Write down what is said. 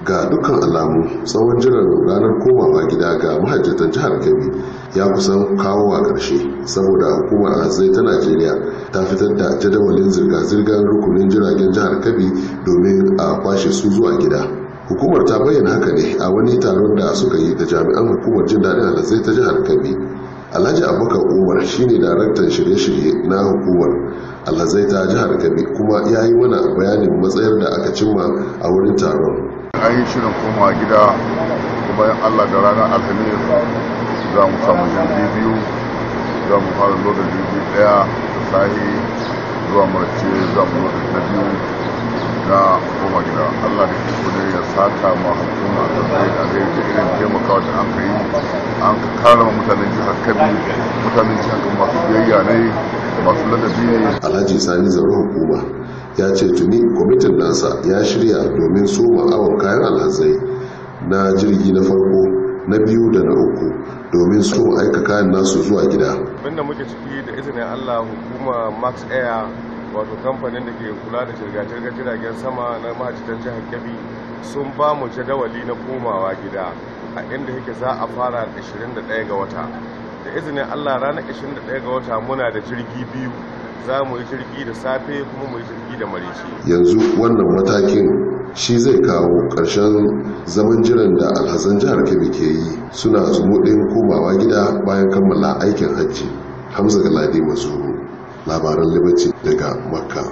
ga dukkan alamu tsawon jiran ranar komawa gida ga mahajjatan jihar kebbi ya kusan kawo a ƙarshe saboda hukumar azai ta najeriya ta fitar da jadawalin zirga-zirgar rukunin jiragen jihar kebbi domin a kwashe su zuwa gida hukumar ta bayyana haka ne a wani taron da suka yi da jami'an hukumar jin daɗin alhazai ta jihar kebbi alhaji abubakar umar shine daraktan shirye-shirye na hukumar alhazai ta jihar kebbi kuma ya yi mana bayanin matsayar da aka cimma a wurin taron an yi shirin koma gida bayan allah da ranar alhamis za mu samu jirgi biyu za mu fara loda jirgi daya da sahi zuwa marce za mu loda na biyu na koma gida allah da ke kudin ya saka ma hukuma ta zai a zai ta irin taimakawa da an ka yi an ka kara mutanen jihar kabi mutanen jihar masu biyayya ne masu ladabi ne alhaji sani zaro hukuma ya ce tuni kwamitin nasa ya shirya domin soma awon kayan alhazai na jirgi na farko na biyu da na uku domin su aika kayan nasu zuwa gida abinda muke ciki da izinin allah hukuma max air wato kamfanin da ke kula da shirga-shirgar jiragen sama na mahajjitan jihar kebbi sun ba mu jadawali na komawa gida a inda yake za a fara 21 ga wata da izinin allah ranar 21 ga wata muna da jirgi biyu za mu yi jirgi da safe kuma mu yi jirgi da marishi yanzu wannan matakin shi zai kawo ƙarshen zaman jiran da alhazan jihar kebbi ke yi suna zumuɗin komawa gida bayan kammala aikin hajji hamza galadi masu labaran libaci daga makka